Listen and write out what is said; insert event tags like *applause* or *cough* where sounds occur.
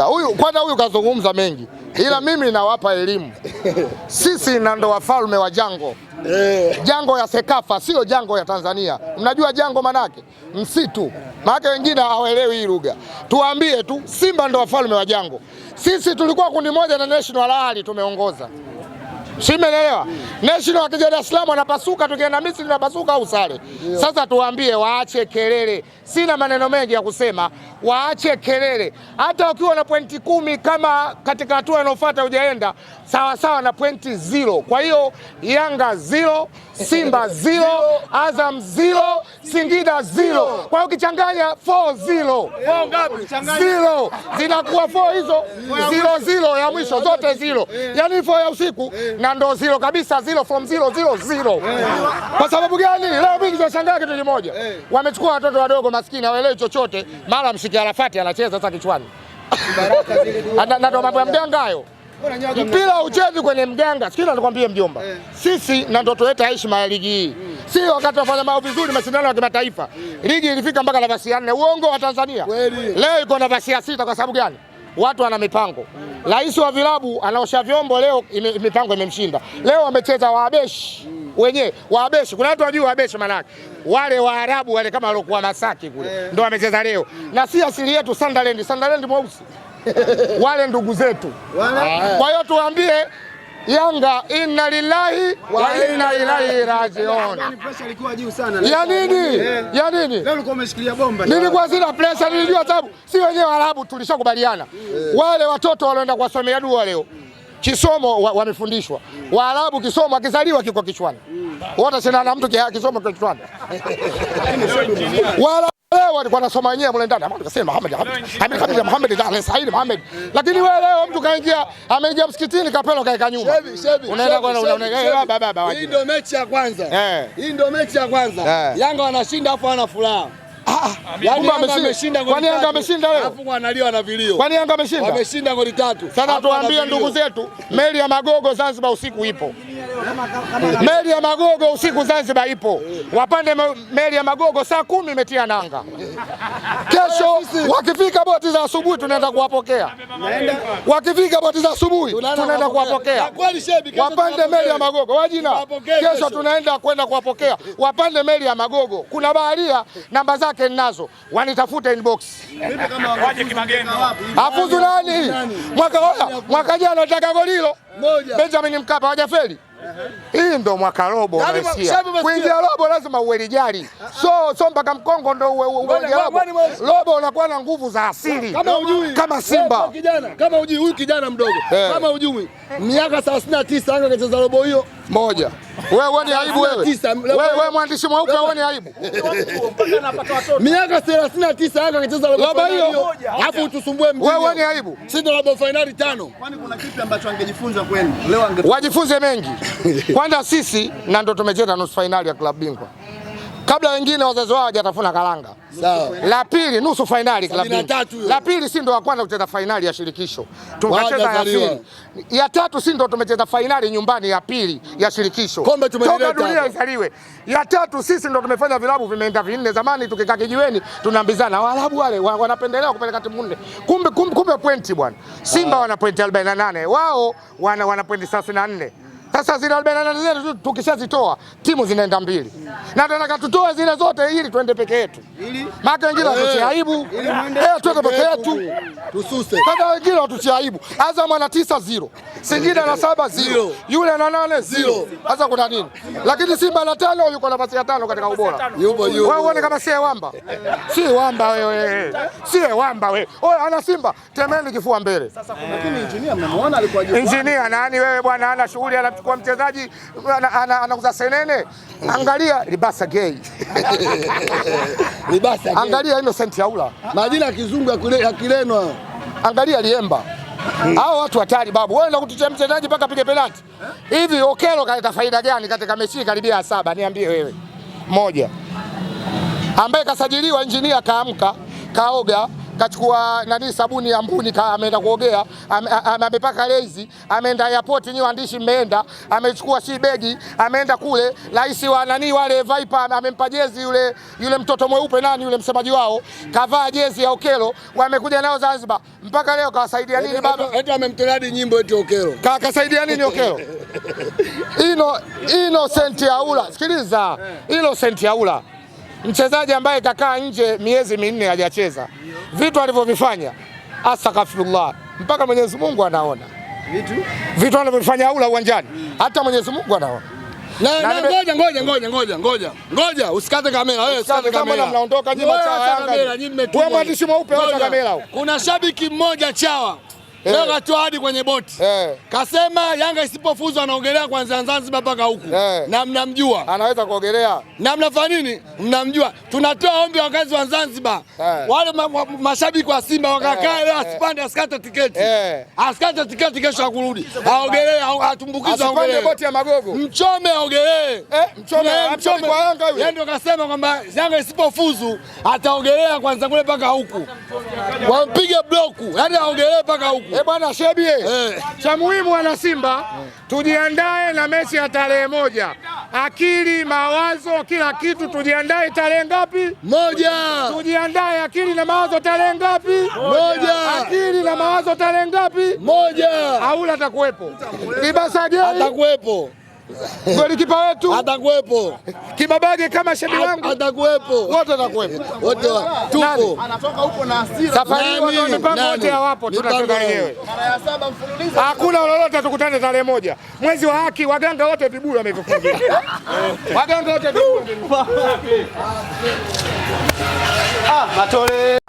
Huyu kwanza, huyu kazungumza mengi, ila mimi nawapa elimu. Sisi na ndo wafalme wa jango, eh. jango ya Sekafa, sio jango ya Tanzania. Mnajua jango manake msitu, manake wengine hawaelewi hii lugha. Tuwaambie tu Simba ndo wafalme wa jango. Sisi tulikuwa kundi moja na National Rally tumeongoza si umeelewa? National akija Dar es Salaam anapasuka, tukienda Misri tunapasuka au sare. Sasa tuwaambie waache kelele, sina maneno mengi ya kusema, waache kelele. Hata ukiwa na pointi kumi kama katika hatua inayofuata hujaenda sawa na pointi zero. Kwa hiyo Yanga zero, Simba *laughs* zero, Azam zero, Singida zero. Kwa hiyo ukichanganya four zero, zero zinakuwa four hizo zero zero ya mwisho zote zero, yaani four ya usiku eh na ndo zero kabisa, zero from zero zero zero. Eh. Kwa sababu gani? Leo mimi nimeshangaa kitu kimoja, eh. wamechukua watoto wadogo maskini hawaelewi chochote, mara mshike Arafati anacheza sasa kichwani *laughs* na ndo mambo ya mganga hayo. Mpira uchezi kwenye mganga, sikiliza nikwambie mjomba, eh. sisi na ndoto yetu heshima ya ligi hii, hmm. si wakati wafanya mambo vizuri mashindano ya kimataifa, hmm. ligi ilifika mpaka nafasi ya nne. Uongo wa Tanzania leo iko nafasi ya sita. Kwa sababu gani? watu wana mipango. Rais wa vilabu anaosha vyombo leo, mipango imemshinda leo. Wamecheza waabeshi wenyewe, waabeshi. Kuna watu wajui waabeshi maana yake wale Waarabu wale kama waliokuwa Masaki kule eh. ndo wamecheza leo, na si asili yetu Sunderland. Sunderland mweusi *laughs* wale ndugu zetu, kwa hiyo tuwaambie Yanga inna lillahi wa inna ilaihi rajiun. Yaani ya nini? Ya eh. nini? Nilikuwa sina pressure, nilijua sababu si wenyewe Waarabu tulishakubaliana. Eh. Wale watoto walienda kuwasomea dua leo kisomo wamefundishwa mm. Waarabu kisomo akizaliwa kiko kichwani, mm. wote sina na mtu kisomo kichwani. Leo eh, alikuwa anasoma wenyewe mle ndani, ambapo tukasema Muhammad Hamid kabisa, Muhammad Dar Said Muhammad. Lakini wewe leo mtu kaingia, ameingia msikitini kapelo kaeka nyuma, unaenda kwa unaenda eh, baba baba. Hii ndio mechi ya kwanza, eh. hii ndio mechi ya kwanza. Yanga wanashinda, afu ana furaha ah, ah. Kwani Yanga ameshinda leo? Kwani Yanga ameshinda? Wameshinda goli tatu. Sana tuambie ndugu zetu, meli ya magogo Zanzibar usiku ipo. Meli ya Magogo usiku Zanzibar ipo, wapande meli ya Magogo saa kumi imetia nanga. Kesho wakifika boti za asubuhi tunaenda kuwapokea, wakifika boti za asubuhi tunaenda kuwapokea. Wapande meli ya Magogo wajina, kesho tunaenda kwenda kuwapokea. Wapande meli ya Magogo, kuna baharia namba zake ninazo, wanitafute inbox. Afuzu nani mwaka jana nataka golilo moja. Benjamin Mkapa hajafeli. Hii ndo mwaka robo yaani unasikia. Kuingia robo lazima uwelijali. So so mpaka mkongo ndo uwelija robo. Robo unakuwa na nguvu za asili kama ujui, kama Simba kijana, kama ujui huyu kijana mdogo, eh. kama ujui miaka 39 anga kacheza robo hiyo moja. Wewe wewe ni aibu wewe. Wewe wewe mwandishi mweupe wewe ni aibu. *laughs* Miaka 39 Yanga kacheza robo hiyo. Alafu utusumbue mjini. Wewe ni aibu. Sisi ndo robo finali tano. Kwani kuna kipi ambacho angejifunza kwenu? Leo angejifunza. Wajifunze mengi. Kwanza sisi na ndo tumecheza nusu finali ya klabu bingwa kabla wengine wazazi wao hajatafuna karanga. Sawa. La pili nusu fainali klabu. La pili si ndo wa kwanza kucheza fainali ya shirikisho. Tukacheza ya pili. Ya tatu si ndo tumecheza fainali nyumbani ya pili ya shirikisho. Kombe tumeleta. Dunia izaliwe. Ya tatu sisi ndo tumefanya vilabu vimeenda vinne. Zamani tukikaa kijiweni tunaambizana Waarabu wale wanapendelea kupeleka timu nne. Kumbe kumbe, kumbe pointi bwana. Simba ah. wana pointi 48, wao wana wana pointi 34. Sasa zile 48 zetu tukishazitoa timu zinaenda mbili, na tunataka tutoe zile zote ili eh, eh, tuende peke yetu, maana wengine aibu. Eh, tuende peke yetu, tususe sasa. Wengine aibu. Azam ana tisa zero, Singida na saba zero, yule na nane zero. Sasa kuna nini? Lakini Simba na tano yuko nafasi ya tano katika ubora. Yupo yupo, Wewe uone kama sie wamba, sie wamba wewe, sie wamba wewe. Ana Simba temeni kifua mbele. Sasa kuna alikuwa Injinia nani wewe bwana, ana shughuli ana kwa mchezaji anauza senene, angalia libasa gay, *laughs* libasa gay, angalia Innocent Yaula, majina ya kizungu ya kilenwa, angalia liemba hmm. hao watu hatari babu, wewe unakutetea mchezaji mpaka pige penalti eh? hivi eh? Okelo kaleta faida gani katika mechi karibia ya saba? Niambie wewe, moja ambaye kasajiliwa injinia, kaamka kaoga kachukua nani sabuni ya mbuni, ameenda kuogea, amepaka lezi, ameenda airport. Nyinyi waandishi mmeenda, amechukua si begi, ameenda kule. Rais wa nani wale Viper amempa jezi yule, yule mtoto mweupe nani yule msemaji wao kavaa jezi ya Okelo, wamekuja nao Zanzibar mpaka leo kawasaidia nini baba? Hata amemtolea hadi nyimbo eti Okelo ka kasaidia nini Okelo? *laughs* Ino Innocent Yaula, sikiliza, eh. Innocent Yaula mchezaji ambaye kakaa nje miezi minne hajacheza vitu alivyovifanya, astaghfirullah, mpaka Mwenyezi Mungu anaona vitu vitu anavyofanya aula uwanjani, hata Mwenyezi Mungu anaona. Ngoja ngoja ngoja ngoja ngoja ngoja, usikate kamera wewe, usikate kamera, mnaondoka nyinyi. Wewe mwandishi mweupe, acha kamera. Kuna shabiki mmoja chawa hey. Eh. Leo hadi kwenye boti hey. Eh. Kasema Yanga isipofuzu anaogelea kwanza Zanzibar mpaka huku hey. Eh. Na mnamjua anaweza kuogelea na mnafanya nini Mnamjua, tunatoa ombi wakazi wa Zanzibar hey. Wale ma ma mashabiki wa Simba wakakaa hey. Leo asipande askata tiketi hey. Askata tiketi, kesho akurudi aogelee, atumbukize kwenye boti ya magogo, mchome aogelee yeye ndio kasema kwamba Yanga isipofuzu ataogelea kwanza kule mpaka huku, wampige bloku, yaani aogelee mpaka huku. E bwana Shebie, eh. Cha muhimu wana Simba eh. tujiandae na mechi ya tarehe moja. Akili, mawazo, kila kitu tujiandae. Tarehe ngapi? Moja. Tujiandae akili na mawazo. Tarehe ngapi? Moja. Akili na mawazo. Tarehe ngapi? Moja. Aula atakuwepo, Ibasa atakuwepo golikipa wetu atakuwepo, Kibabage kama shebi wangu atakuwepo, wote atakuwepo, wote tupo. Anatoka huko na hasira, safari hiyo ndio mipango wote hawapo, tunatoka wenyewe. hakuna lolote, tukutane tarehe moja mwezi wa haki, waganga wote vibuyu wamevifungia, waganga wote vibuyu. Ah, matole